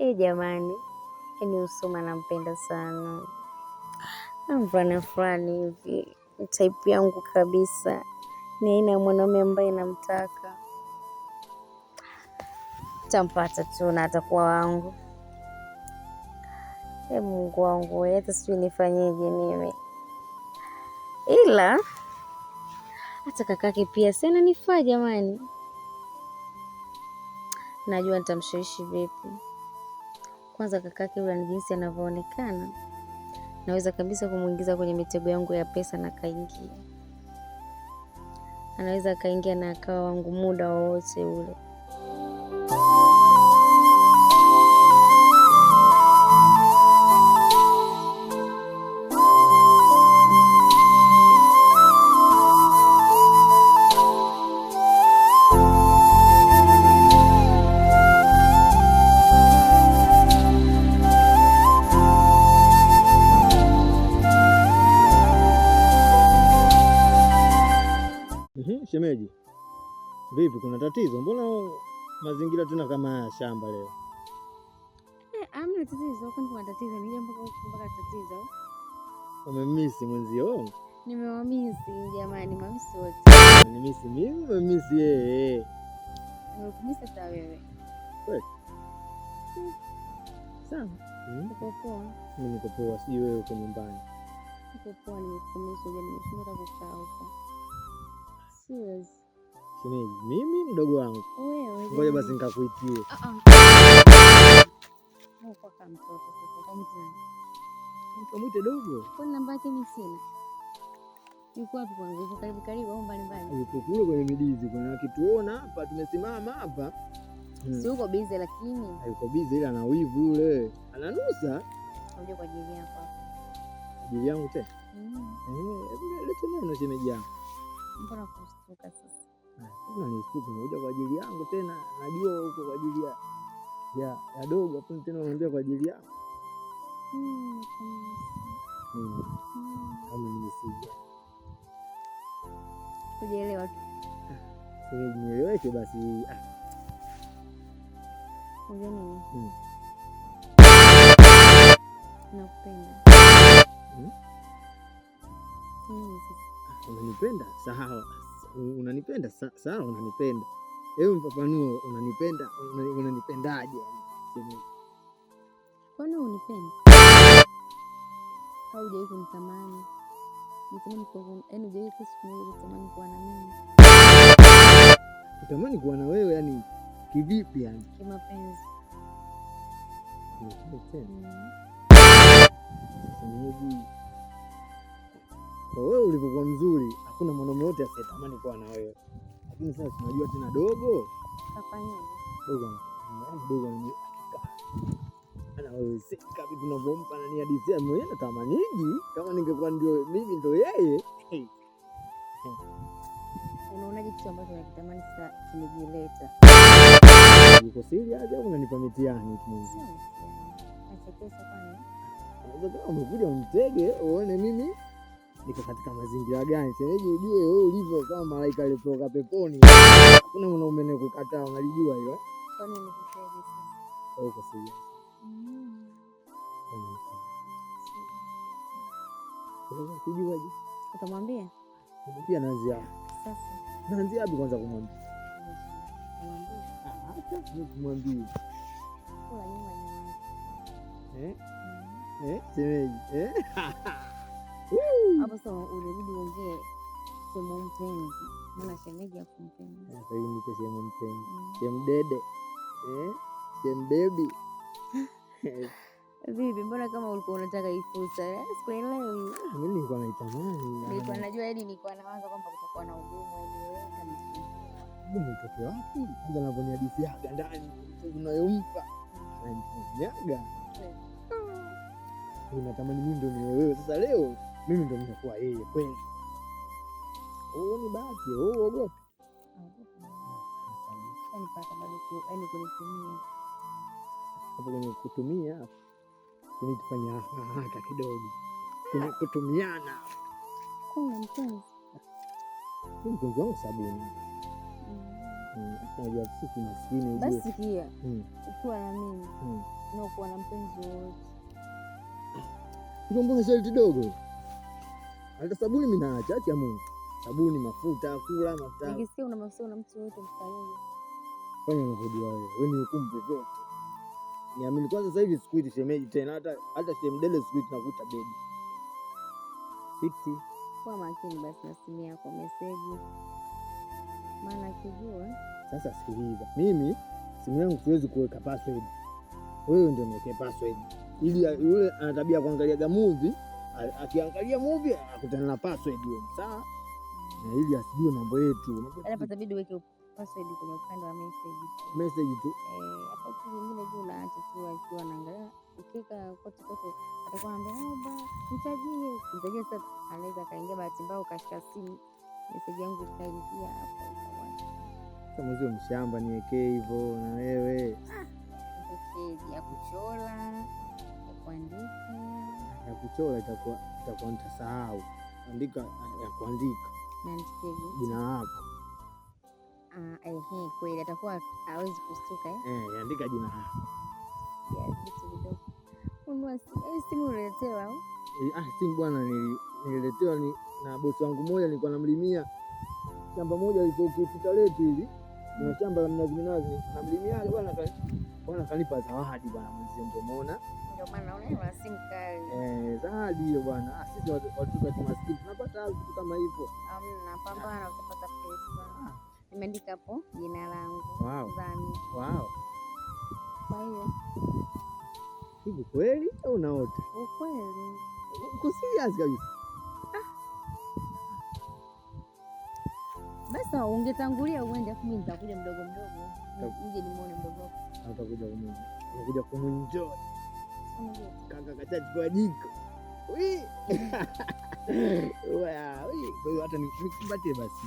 E jamani, yani Usuma nampenda sana, mvulana fulani hivi type yangu kabisa, ni aina ya mwanaume ambaye namtaka. Tampata tu na atakuwa wangu. E Mungu wangu, hata sijui nifanyeje mimi, ila hata kakake pia sana nifaa. Jamani, najua nitamshawishi vipi kwanza kakake yule ni jinsi anavyoonekana, naweza kabisa kumwingiza kwenye mitego yangu ya pesa na kaingia, anaweza akaingia na akawa wangu muda wowote ule. Ehe, mhm, shemeji, vipi, kuna tatizo? Mbona mazingira tena kama haya shamba leo? Eh, Amna tatizo, kwani kuna tatizo? Nije mpaka tatizo. Umemisi mwenzio? Nimewamisi jamani, mamisi wote. Nimemisi mimi, umemisi yeye. Umemisi sasa wewe. Kweli? Mm. Sawa. Niko mm. poa. Mimi niko poa, sijui wewe uko nyumbani. Niko poa, nimekumisha, yaani nimeshinda kukaa huko. Siwezi. Shemeji, mimi mdogo wangu. Wewe. Ngoja basi nikakuitie. Ah, ah. dogo. Kwa namba yake mimi sina. Yuko wapi kwanza? Yuko karibu karibu au mbali mbali? Yuko kule kwenye midizi, kuna hapa tumesimama hapa. Hmm. Si uko bize lakini. bize ila ana wivu Ananusa. kwa ajili yako. Ajili yangu tena. Mm. Eh, lete neno shemeji yangu. bora kustuka sasa. Nisikivu moja kwa ajili yangu tena, najua huko kwa ajili ya ya ya dogo hapo tena, unaambia kwa ajili yangu kama nimesija kujielewa, nieleweke basi. Nakupenda. Unanipenda? Sawa. Unanipenda? Sawa, unanipenda. Hebu mfafanue, unanipenda? Unanipendaje? Kwani unipendi au hujawahi kunitamani? Kutamani yaani kuwa na mimi, kutamani kuwa na wewe, yani kivipi? Yani kimapenzi mm. Kwa wewe ulivyokuwa mzuri, hakuna mwanaume yote asiyetamani kuwa na wewe, lakini sasa tunajua tena dogo tunavyompa yaani nani kama ningekuwa ndio mimi yeye. Unaonaje kitu ambacho nakitamani sasa kimejileta? Uko serious au unanipa mitihani? Umekuja unitege uone mimi niko katika mazingira gani? Seneje ujue wewe ulivyo kama malaika aliyetoka peponi. Hakuna mwanaume nikukataa, unalijua hilo. Eh? Ukijuaje mm. utamwambia? Pia naanzia naanzia wapi kwanza kumwambia? Ah, kumwambia Eh? Mm. eh, eh? sasa unabidi uongee sehemu mpenzi, maana shemeji akumpenzi. Sasa hii ni sehemu mpenzi, mm. sehemu dede, eh? sehemu bebi. Vipi, mbona kama ulikuwa unataka hii fursa? Eh, sikuelewi. Ah, mimi nilikuwa naitamani, nilikuwa najua, yaani nilikuwa nawaza kwamba kutakuwa na ugumu. Mtoke wapi? Kwanza navyoniadisiaga ndani unayompa ananifanyaga mm. unatamani mm. mimi ndo niwe wewe sasa leo mimi ndo nimekuwa yeye kweli. Ni bahati uogope kwenye kutumia tufanya haraka kidogo, kuna kutumiana mpenzi wangu sabuni mm. mm, ajasiku maskini. Basi sikia, mm. ukiwa na mimi na ukuwa na mpenzi wowote, mbona sharti dogo hata sabuni mimi naacha, acha Mungu. Sabuni, mafuta, kula mafuta. Nikisikia una mafuta na mtu yote mfanyaje? Fanya unavyojua wewe. Wewe ni hukumu vyovyote. Niamini kwanza, sasa hivi sikuiti shemeji tena, hata hata shemdele sikuiti nakuita bebi. Fiti. Kwa makini basi na simu yako message. Maana kijua. Sasa sikiliza. Mimi simu yangu siwezi kuweka password. Wewe ndio niweke password. Ili yule anatabia tabia kuangalia gamuvi akiangalia movie akutana na password hiyo, sawa, na ili asijue mambo yetu, anapata yaani bidii weke password kwenye upande wa message, message tu eh, hapo tu nyingine juu unaacha tu, akiwa anaangalia ukika kote kote, atakuwa anambia naomba ah, nitajie, nitajie. Sasa anaweza kaingia, bahati mbaya ukashika simu, message yangu ikaingia hapo. Sasa mwezi mshamba niwekee hivyo, na wewe ah, ya kuchola ya kuandika ya kuchora itakuwa nitasahau. Andika eh, ya kuandika jina lako. Ah, Ehe, kweli atakuwa hawezi kustuka eh? Eh, andika jina lako. Eh, eh, ah, simu bwana, nililetewa ni na bosi wangu mmoja, nilikuwa namlimia shamba moja liko ukipita letu hili, kuna shamba la mnazi minazi, namlimiaje bwana Bwana kanipa zawadi bwana, mzee ndio umeona. Ndio maana unaona si mkali. Eh, zawadi hiyo bwana. Ah, sisi watu wa maskini tunapata vitu kama hivyo. Hamna, pambana utapata pesa. Ah. Nimeandika hapo jina langu. Wow. Zami. Wow. Kwa hiyo hivi kweli au unaota? Ukweli. Uko serious kabisa? Basi ungetangulia uende, afu mimi nitakuja mdogo mdogo. Nije nimuone mdogo wako atakuja kumu utakuja kumunjoi kaka kachachukua jiko kwa hiyo hata nikukumbatie basi